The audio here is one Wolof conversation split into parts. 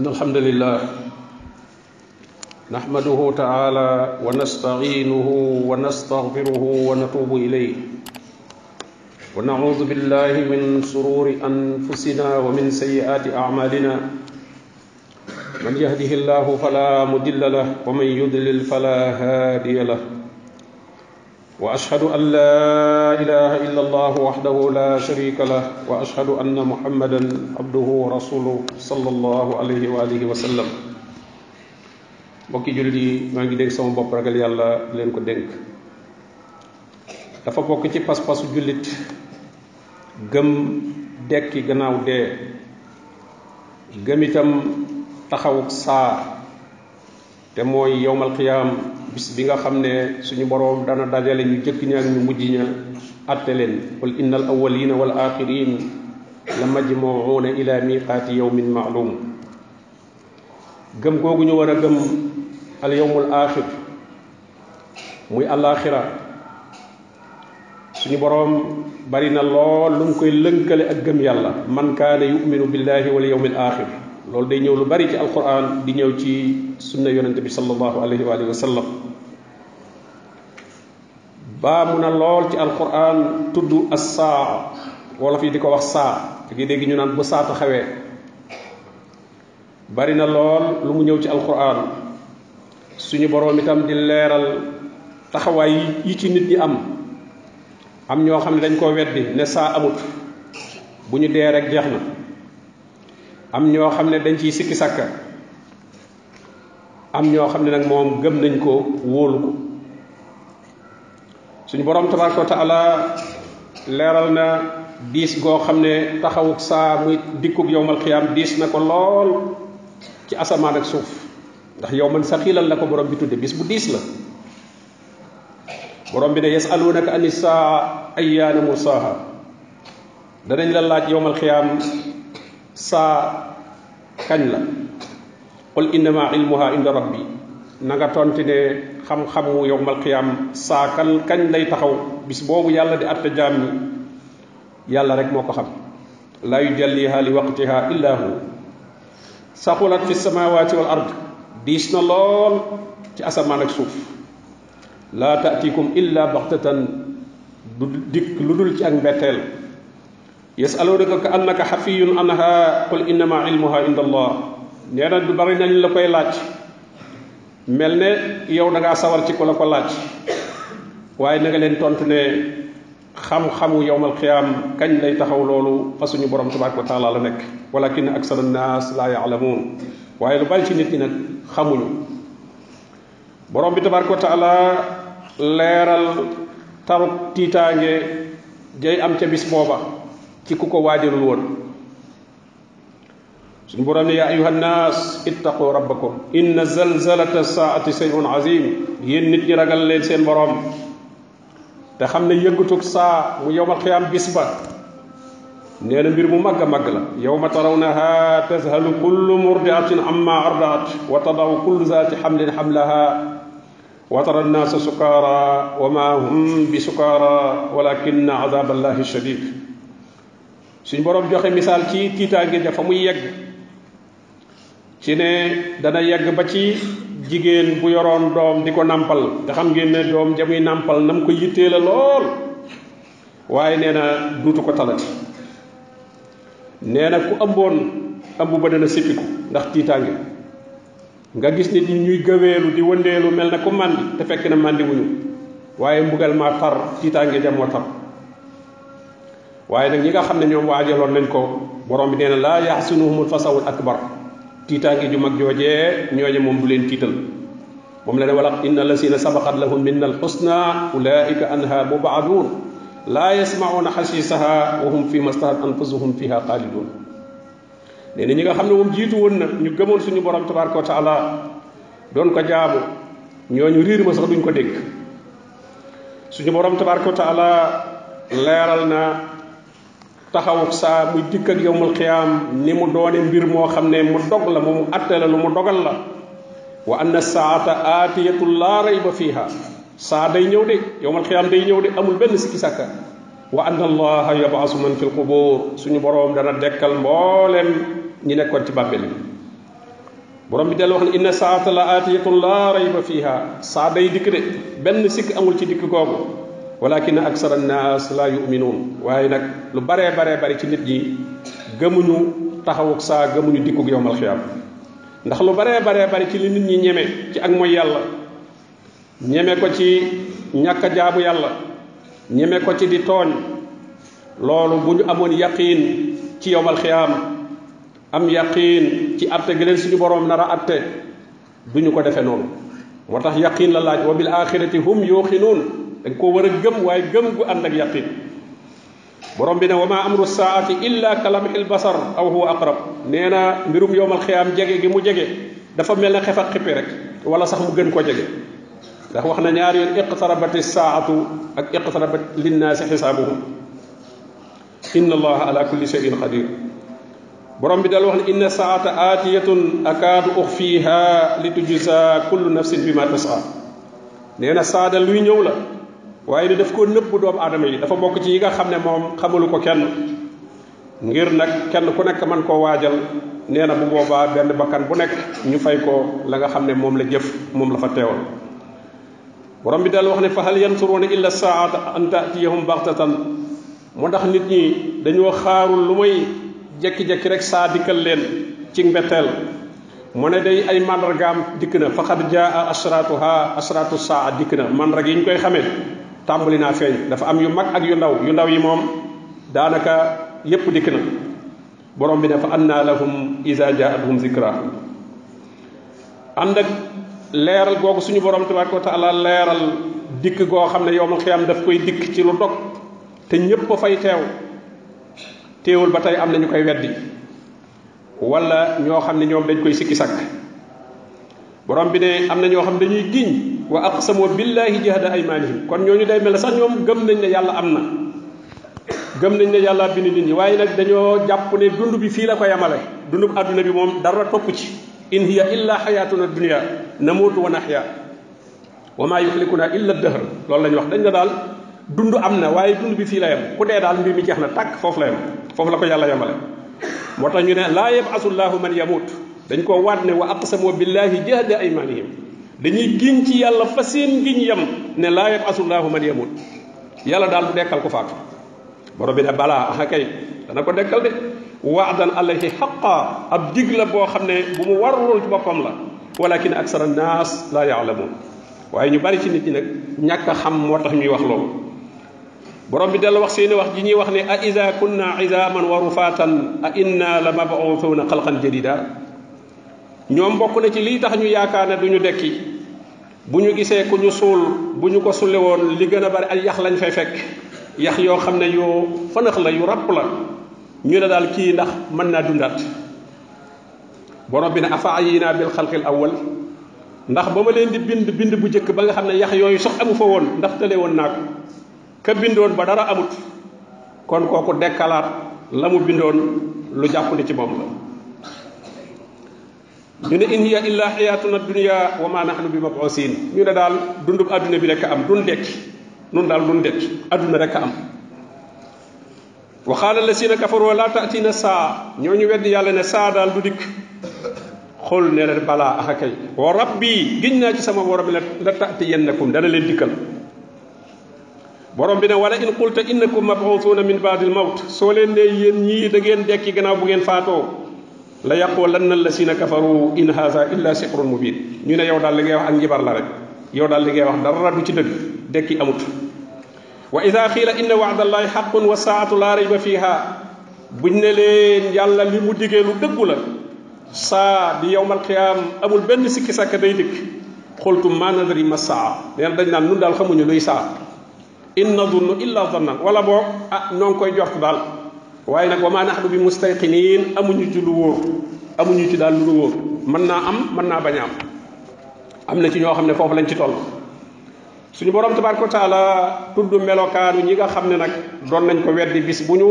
إن الحمد لله نحمده تعالى ونستعينه ونستغفره ونتوب إليه ونعوذ بالله من سرور أنفسنا ومن سيئات أعمالنا من يهده الله فلا مضل له ومن يضلل فلا هادي له واشهد ان لا اله الا الله وحده لا شريك له واشهد ان محمدا عبده ورسوله صلى الله عليه واله وسلم بوكي جلدي ما ديك سما بوب راغال يالا لين دينك دا فا تي سي باس باس جم گم ديكي گناو جم يتم تام سا تموي يوم القيام bis bi nga xam ne suñu borom dana dajale ñu jëkk ñaan ñu mujj ña atte leen qul innal awwalina wal akhirin la majmuuna ila miqati yawmin ma'lum gëm gogu ñu wara gëm al yawmul akhir muy al akhirah suñu borom bari na lool lu mu koy lënkale ak gëm yàlla man kaana yuminu billahi wal yawmil akhir Lol day ñew lu bari ci alquran di ñew ci sunna yonente bi sallallahu Alaihi wa alihi wa sallam ba mu na ci alquran as-sa' wala fi diko wax sa' da ngay dégg ñu naan bu ta xewé bari na lol lu mu ñew ci alquran suñu borom itam di leral taxaway yi ci nit ñi am am ño xamni dañ ko wéddi ne sa amut buñu dé rek jeexna am ñoo xam ne dañ ciy sikki sàkka am ñoo xam ne nag moom gëm nañ ko wóolu ko suñu borom tabaraka wa taala leeral na diis goo xam ne taxawuk saa muy dikkuk yowmal xiyaam diis na ko lool ci asamaan ak suuf ndax yow man saxilal la ko borom bi tudde bis bu diis la borom bi ne yasalunaka ani saa ayyaana mursaaha danañ la laaj yowmal xiyaam saa kañ la qul innama ilmuha inda rabbi na nga tonti ne xam-xamu yowmal qiyaam saakal kañ lay taxaw bis boobu yàlla di atte jaam ñi yàlla rek moo ko xam laa yujalliha li waqtiha illa hu saxulat fi samawaati wal ard diis na lool ci asamaan ak suuf laa taatikum illa baxtatan du dikk lu dul ci ak mbetteel يسألونك كأنك حفي عنها قل إنما علمها عند الله نيرا دو باري نان لا كاي لاج ملني يو داغا سوار تي كولا كو لاج واي نغا لين تونت ني خم خمو يوم القيام كاج لاي تاخاو لولو فاسوني بروم تبارك وتعالى لا نيك ولكن اكثر الناس لا يعلمون واي لو باري تي نيت نك خمو بروم بي تبارك وتعالى ليرال تارو تيتانجي جاي ام تي بيس بوبا ci kuko wajirul won sun borom ya ayuha nas ittaqu rabbakum in zalzalata saati shay'un azim yen nit ñi ragal leen seen borom te xamne ne sa mu yowal xiyaam bisba neena mbir mu magga a la yawma tarawnaha tazhalu kullu murdiatin amma ardat wa tadaw kullu zati hamlin hamlaha wa tara an-nasa sukara wa ma hum bisukara walakinna الله shadid suñ borom joxe misal ci tiitaange ja fa muy yegg ci ne dana yegg ba ci jigen bu yoron dom diko nampal te xam ngeen ne dom jamuy nampal nam ko yitte la lol waye neena na ko talati neena ku ambon ambu ba dana sipiku ndax tiitaange nga gis ni di ñuy gëweelu di wëndeelu mel na ku mandi te fekk na mandi wuñu waye mbugal ma tar tiitaange ja tar waaye nag ñi nga xam ne ñoom waajaloon nañ ko borom bi nee na laa yaxsunuhumul fasawul akbar tiitaange ju mag joojee ñooñe moom du leen tiital moom la ne wala inna lasina sabaqat lahum minna alxusna ulaika anha mubaaduun laa yasmauna xasiisaha wa hum fi mastahat anfusuhum fiha xaaliduun nee na ñi nga xam ne moom jiitu woon na ñu gëmoon suñu borom tabaraka wa taala doon ko jaamu ñooñu riir ma sax duñ ko dégg suñu borom tabaraka wa taxawuk sa muy dikk ak yowmul qiyam ni mu doone mbir moo xam ne mu dog la mu mu atte la lu mu dogal la wa anna saata aatiyatu la rayba fiha sa day ñëw de yowmul qiyam day ñëw de amul benn sikki sàkka wa anna allah yab'asu man fi lqubuur suñu borom dana dekkal mbolem ñi nekkon ci bàmmeel borom bi del wax ni inna saata la aatiyatu rayba fiha sa day dikk de benn sikki amul ci dikk googu walakin aksara nas la yu'minun waaye nak lu bare bare bari ci nit ñi gëmuñu taxawuk saa gëmuñu dikkuk yowmal xiyam ndax lu bare bare bari ci li nit ñi ñeme ci ak mooy yàlla ñeme ko ci ñàkk jaabu yàlla ñeme ko ci di ci yowmal am yakin, ci atte gi suñu borom nara atte duñu ko defe noonu moo tax yaqin la laaj wa bil hum yuqinun dañ koo war gëm waaye gëm gu ànd ak yaqin borom bi ne wa ma amru saati illa kalamhil basar aw huwa aqrab nee na mbirum yowmal xiyaam jege gi mu jege dafa mel ne xef xippi rek wala sax mu gën ko jege ndax wax na ñaari yoon iqtarabati saatu ak iqtarabat linnaasi xisaabuhum inna allaha ala kulli shayin qadir borom bi dal wax ne inna saata aatiyatun akaadu ukhfiha li tujza kullu nafsin bima tasa nee na saada luy ñëw la waaye ne daf ko nëbb doom aadama yi dafa bokk ci yi nga xam ne moom xamalu ko kenn ngir nag kenn ku nekk man koo waajal nee na bu boobaa benn bakkan bu nekk ñu fay ko la nga xam ne moom la jëf moom la fa teewal borom bi dal wax ne fa hal yanturuna illa saata an taatiyahum baghtatan mo ndax nit ñi dañoo xaarul lu may jekki-jekki rek saa dikkal leen ci mbetteel mo ne day ay màndargaam dikk na faqad jaa asratuha asratu saa dikk na rek yi ñu koy xamee tambali na feñ dafa am yu mag ak yu ndaw yu ndaw yi mom danaka yep dikk na borom bi dafa anna lahum iza jaatuhum zikra andak leral gogu suñu borom tabaraka taala leral dik go xamne ne yowmal xiyaam daf koy dik ci lu dok te ñepp fay tew teewul ba tey am nañu koy weddi wala ño xamne ñom dañ koy sikki sak borom bi ne am na ñoo xam dañuy giñ wa aqsamu billahi jihada aymanihim kon ñooñu day mel sax ñoom gëm nañ ne yàlla am na gëm nañ ne yàlla bind nit ñi waaye nag dañoo jàpp ne dund bi fii la ko yamale dund bu àdduna bi moom dara topp ci in hiya illa xayatuna dunia namuutu wa naxya wa maa yuxlikuna illa dëhër loolu lañ wax dañ ne daal dund am na waaye dund bi fii la yam ku dee daal mbir mi jeex na tàkk foofu la yam foofu la ko yàlla yamale moo tax ñu ne laa yabasu llahu man yamut dañ koo waat ne wa aqsamu billahi jihada aymanihim dañuy giñ ci yàlla fa seen giñ yam ne laa yab asullahu man yamut yàlla daal du dekkal ko faatu borom bi ne bala axa kay dana ko dekkal de wa'dan alayhi xaqa ab digla la boo xam ne bu mu warlul ci boppam la walakin aksara nas la ya'lamun waaye ñu bari ci nit ñi nag ñàkk a xam moo tax ñuy wax loolu borom bi del wax seeni wax ji ñuy wax ne a iza kunna izaman wa rufatan a inna la mabuuthuna xalqan jadida ñoom bokk na ci lii tax ñu yaakaar ne duñu dekki bu ñu gisee ku ñu suul bu ñu ko sulle woon li gën a bari ay yax lañ fay fekk yax yoo xam ne yu fanax la yu ràpp la ñu ne daal kii ndax mën naa dundaat borom bi ne afa ayina bil xalqil awal ndax ba ma leen di bind bind bu jëkk ba nga xam ne yax yooyu sax amu fa woon ndax tële woon naa ko ka bindoon ba dara amut kon kooku dekkalaat la mu bindoon lu jàppandi ci moom la ñu ne in hiya illa xayaatuna dunya wa ma nahnu bi mabusin ñu ne daal dundum àdduna bi rek am dun dekki nun daal dun dekki adduna rek am wa qaala lasina kafaru la tatina saa ñooñu weddi yàlla ne saa daal du dikk xool ne la balaa axa kay rabbi giñ naa ci sama borom bi la tatiyannakum dana leen dikkal borom bi ne wala in qulta innakum mabusuuna min baadil mawt soo leen ne ñii da ngeen dekki gannaaw bu ngeen faatoo la yaqulanna allatheena kafaru in hadha illa sihrun mubin ñu ne yow dal li ngay wax ak njibar la rek yow dal li ngay wax dara du ci deug dekki amut wa idha khila inna wa'da allahi haqqun wa sa'atu la rayba fiha buñ ne leen yàlla li mu digge lu dëggu la sa di yawmal qiyam amul ben sikki sàkk day dik xultum ma nadri ma saa neen dañ naan nun daal xamuñu luy saa in nadunnu illa dhannan wala bok ah ñong koy jox dal waaye nag wama maa bi mustayqinin amuñu ci lu wóor amuñu ci daal lu wóor mën naa am mën naa bañ a am am na ci ñoo xam ne foofu lañ ci toll suñu borom tabaraka taala tudd melokaanu ñi nga xam ne nag doon nañ ko weddi bis bu ñu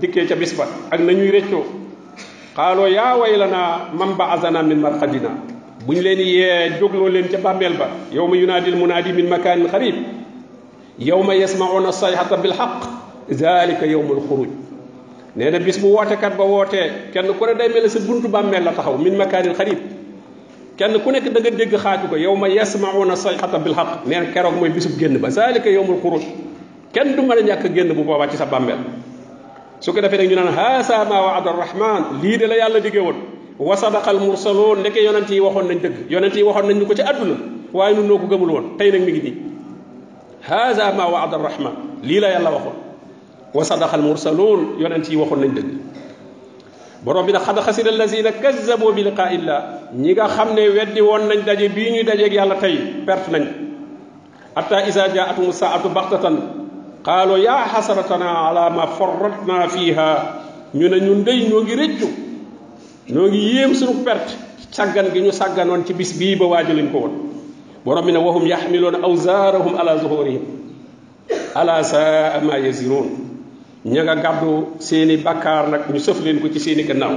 dikkee ca bis ba ak nañuy rëccoo xaaloo yaa way la naa man ba azana min marqadina buñ leen yee jógloo leen ca bàmmeel ba yow ma yunaadil munaadi min makaanin xarib yow ma yasmauna sayhata bilxaq zalika yowmul xuruj neena bis bu wote kat ba wote kenn ku ne day mel sa buntu bàmmeel la taxaw min makaril xarib kenn ku nek da nga deg xaaju ko yawma yasmauna sayhatan bil haqq nee na moy mooy bisub génn ba zalika yawmul khuruj kenn du mala ñak génn bu boba ci sa bammel su ko defé nak ñu naan sa ma waada arrahman li de la yàlla digé won wa sadaqa al mursalun nek yonent waxon nañ deug yonent waxon nañ ñu ko ci aduna way ñu noko gëmul won tay nak mi ngi ha sa ma waada arrahman li la yàlla waxon وصدق المرسلون يونتي وخون لن دغ بروم بينا خد خسر الذين كذبوا بلقاء الله نيغا خامني ويدي وون نان داجي بي ني داجي يالا تاي بيرت نان حتى اذا جاءت موسى ات قالوا يا حسرتنا على ما فرطنا فيها ني نون داي نوغي ريتو نوغي ييم سونو بيرت ساغان بي ني ساغانون تي بيس بي با واجي لين كو وون بروم بينا وهم يحملون اوزارهم على ظهورهم على ساء ما يزرون Nyaga nga sini seeni nak nak ñu sëf leen ko ci seeni gannaaw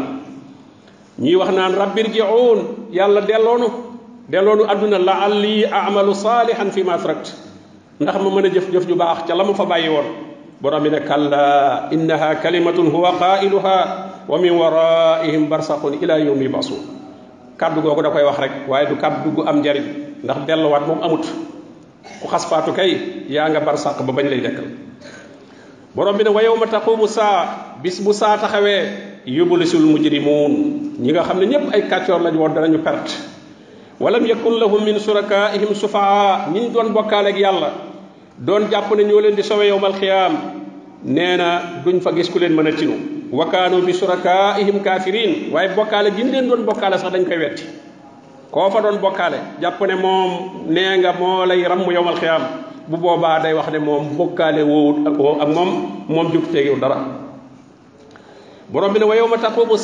ñi wax naan rabbir jiun yalla delloonu aduna la alli amalu salihan fi ma tarakt ndax ma mën a jëf jëf ju baax ci lamu fa bayyi won borom ne innaha kalimatun huwa qailuha wa min waraihim barsaqun ila yawmi basu. kaddu googu da koy wax rek waye du kaddu gu am njariñ ndax wat mom amut ku xas ya kay ya nga barsaq ba bañ lay dekkal borom bi ne wa yawma taqumu sa bis bu sa taxawé yubulisul mujrimun ñi nga xamne ñëpp ay katchor lañ won dara ñu perte walam yakul lahum min shurakaihim sufaa min don bokal ak yàlla don jàpp ne ñoo leen di sowe yowmal xiyaam neena duñ fa gis ku leen mëna a tinu wa kanu bi shurakaihim kafirin waaye bokal giñ leen don bokal sax dañ koy wetti ko fa don bokkaale jàpp ne mom nee nga moo lay ram yowmal xiyaam bu boba day wax ne mom bokale woowut ak mom mom juk tegi dara borom bi ne wa taqumu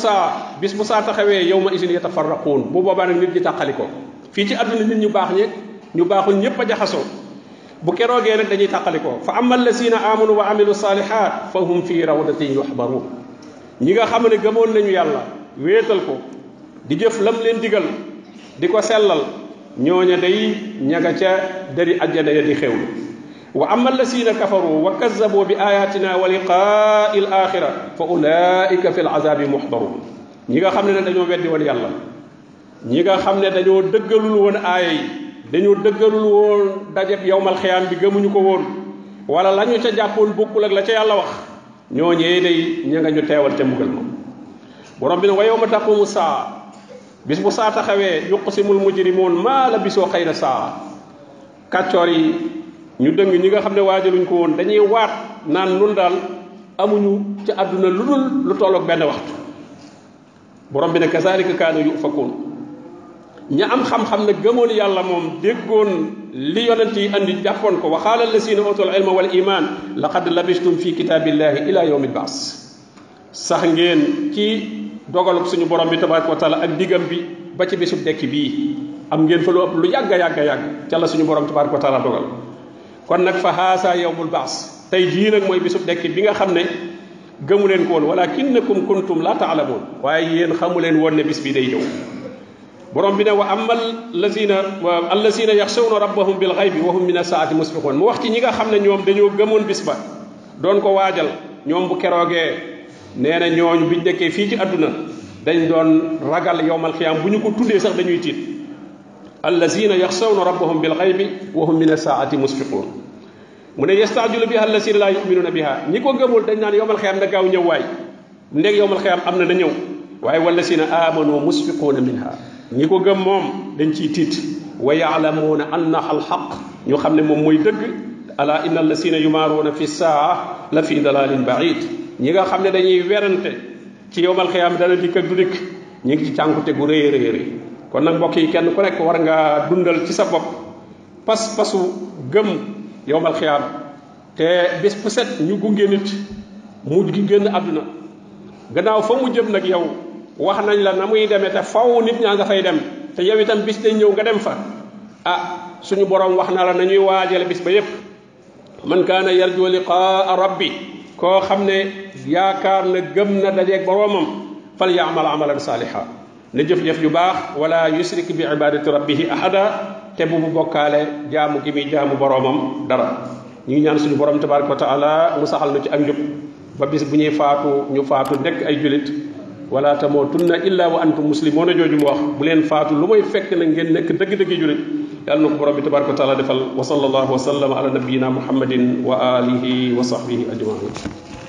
bis bu saa taxawee yawma isin yatafarraqun bu boba nak nit ñi tàqali fi ci aduna nit ñu bax ñe ñu baxul ñëpp a jaxasoo bu keroogee nak dañuy tàqali fa amal lasina amanu wa amilu salihat fa hum fi rawdatin yuhbaru ñi nga xamne gëmon nañu yàlla wétal ko di jëf lam leen digal diko sellal ñoña day ñaga ca dari aljana ya di xewlu wa amal lasina kafaru wa kazzabu bi ayatina wa liqa'il akhirah fa ulaika fi l azabi muxdarun ñi nga xamne dañu nag dañoo weddi woon yàlla ñi nga xamne dañu dëggalul won ay dañu dëggalul won dajeb yawmal khiyam bi gëmuñu ko won wala lañu ca jàppoon bokul ak la ca yàlla wax ñoñe day ña ñu tewal te mugal ko borom bi ne wa yowma taqumu saa bis bu saa taxawee yuqsimul mujrimuun maa la bisoo xëy na saa kàccoor yi ñu dëng ñi nga xam ne waajaluñ ko woon dañuy waat naan nun daal amuñu ci àdduna lu dul lu tolloog benn waxtu borom bi ne kazalika kaanu yufakun ña am xam-xam ne gëmoon yàlla moom déggoon li yonent yi andi jàppoon ko waxaala lasina utul ilma wal iman laqad labistum fi kitabillahi ila yawmi baas sax ngeen ci dogal ak suñu borom bi tabaraku taala ak digam bi ba ci bisub dekk bi am ngeen fa lu ëpp lu yàgg yàgg yàgg ca la suñu borom tabaraku taala dogal kon nag fa haasa yawmul baas tey jii nag mooy bisub dekk bi nga xam ne gëmu leen ko woon walakinnakum kuntum la taalamuun waaye yéen xamu leen woon ne bis bi day ñëw borom bi ne wa amal lazina wa allazina yakhshawna rabbahum bil ghaibi wa hum min as-saati musbixoon mu wax ci ñi nga xam ne ñoom dañoo gëmoon bis ba doon ko waajal ñoom bu keroogee neena ñooñu biñ nekkee fii ci àdduna dañ doon ragal yowmal xiyaam bu ñu ko tuddee sax dañuy tiit allazina yaxsawna rabbahum bil xaybi wa hum min asaati musfiquun mu ne yastajilu biha allazina la yu'minuna biha ñi ko gëmul dañ naan yowmal xiyaam da gaaw ñëw way ndek yowmal xiyaam amna na na ñëw waaye wallazina amanu musfiquna minha ñi ko gëm mom dañ ci tiit wa ya'lamuna anna al-haq ñu xamne mom moy deug ala innal allazina yumaruna fi as saa la fi dalalin baid ñi nga xam ne dañuy werante ci yowmal di dana dikk du dikk ñi ngi ci cànkute gu rëy rëy rëy kon nag mbokk yi kenn ku war nga dundal ci sa pas pasu gem yowmal xiyaam te bes bu set ñu gunge nit mujj gi wahana àdduna gannaaw fa mu jëm nag yow wax nañ la na muy demee te nit ñaa nga fay dem yow itam bis day ñëw nga dem fa ah suñu borom wax na la nañuy waajale bis ba yépp man yarju rabbi koo xam ne yaakaar na gëm na dajeeg boroomam fal yaamal amalan saaliha na jëf-jëf yu baax wala yusrik bi ibadati rabbihi ahada te bu mu bokkaale jaamu gi muy jaamu boroomam dara ñu ngi ñaan suñu borom tabaraka wa taala mu saxal na ci ak njub ba bis bu ñuy faatu ñu faatu nekk ay julit wala tamootunna illa wa antum muslimuna jooju mu wax bu leen faatu lu may fekk na ngeen nekk dëgg-dëgg julit يالنا برب تبارك وتعالى دفل وصلى الله وسلم على نبينا محمد وآله وصحبه أجمعين